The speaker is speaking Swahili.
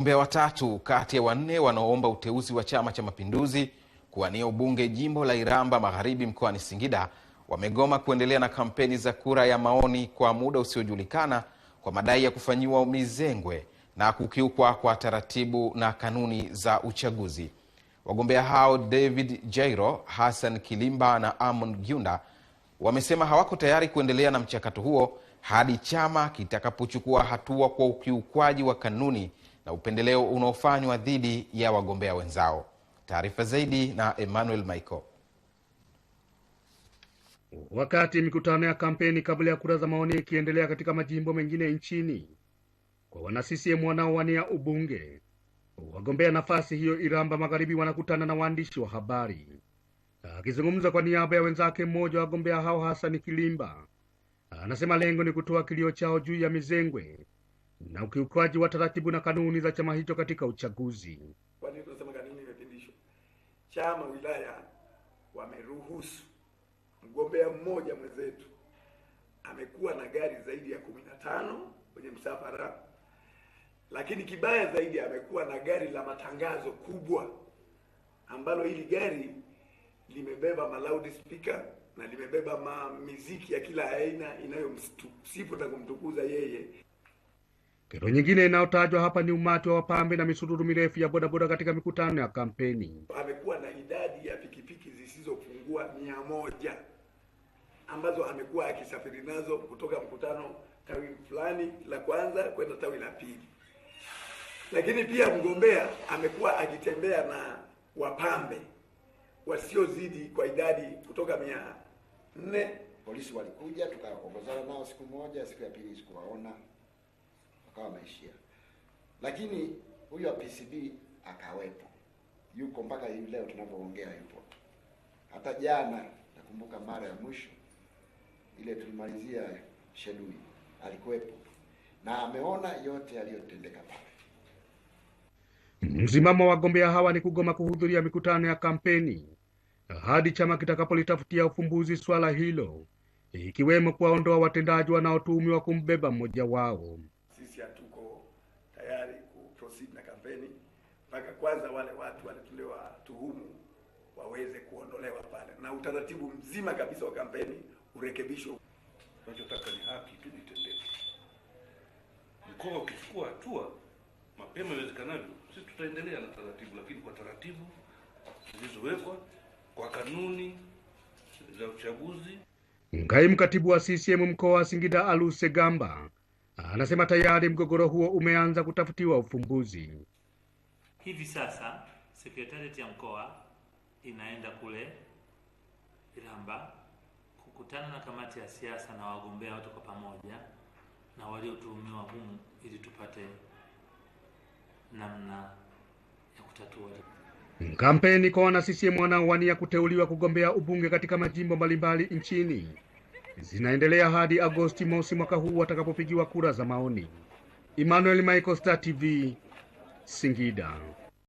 Wagombea watatu kati ya wanne wanaoomba uteuzi wa Chama cha Mapinduzi kuwania ubunge jimbo la Iramba Magharibi mkoani Singida wamegoma kuendelea na kampeni za kura ya maoni kwa muda usiojulikana kwa madai ya kufanyiwa mizengwe na kukiukwa kwa taratibu na kanuni za uchaguzi. Wagombea hao David Jairo, Hassan Kilimba na Amon Gyunda wamesema hawako tayari kuendelea na mchakato huo hadi chama kitakapochukua hatua kwa ukiukwaji wa kanuni na upendeleo unaofanywa dhidi ya wagombea wenzao. Taarifa zaidi na Emmanuel Michael. Wakati mikutano ya kampeni kabla ya kura za maoni ikiendelea katika majimbo mengine nchini, kwa wana CCM wanaowania ubunge, wagombea nafasi hiyo Iramba Magharibi wanakutana na waandishi wa habari. Akizungumza kwa niaba ya wenzake, mmoja wa wagombea hao Hasani Kilimba anasema lengo ni kutoa kilio chao juu ya mizengwe na ukiukaji wa taratibu na kanuni za chama hicho katika uchaguzi. Kwa nini tunasema kanuni imepindishwa? Chama wilaya wameruhusu mgombea mmoja mwenzetu amekuwa na gari zaidi ya kumi na tano kwenye msafara, lakini kibaya zaidi amekuwa na gari la matangazo kubwa, ambalo hili gari limebeba maloud speaker na limebeba miziki ya kila aina inayomsifu na kumtukuza yeye. Kero nyingine inayotajwa hapa ni umati wa wapambe na misururu mirefu ya bodaboda katika mikutano ya kampeni. Amekuwa na idadi ya pikipiki zisizopungua mia moja ambazo amekuwa akisafiri nazo kutoka mkutano tawi fulani la kwanza kwenda tawi la pili, lakini pia mgombea amekuwa akitembea na wapambe wasiozidi kwa idadi kutoka mia nne. Polisi walikuja tukaongozana nao siku moja, siku ya pili sikuwaona wakawa wameishia, lakini huyu wa PCD akawepo, yuko mpaka hivi leo tunapoongea yupo hata jana. Nakumbuka mara ya mwisho ile tulimalizia Shedui, alikuwepo na ameona yote yaliyotendeka pale. Msimamo wa wagombea hawa ni kugoma kuhudhuria mikutano ya kampeni hadi chama kitakapolitafutia ufumbuzi swala hilo, ikiwemo kuwaondoa watendaji wanaotuhumiwa kumbeba mmoja wao sisi hatuko tayari kuproceed na kampeni mpaka kwanza wale watu wale tuhumu waweze kuondolewa pale na utaratibu mzima kabisa wa kampeni urekebisho. Tunachotaka ni haki tu itendeke. Mkoa ukichukua hatua mapema iwezekanavyo, sisi tutaendelea na taratibu, lakini kwa taratibu zilizowekwa kwa kanuni za uchaguzi. Ngai mkatibu wa CCM mkoa wa Singida Aluse Gamba anasema tayari mgogoro huo umeanza kutafutiwa ufumbuzi. Hivi sasa sekretarieti ya mkoa inaenda kule Iramba kukutana na kamati ya siasa na wagombea wote kwa pamoja na waliotuhumiwa humu ili tupate namna ya kutatua kampeni kwa wana CCM wanaowania kuteuliwa kugombea ubunge katika majimbo mbalimbali nchini zinaendelea hadi Agosti mosi mwaka huu watakapopigiwa kura za maoni. Emmanuel Michael, Star TV, Singida.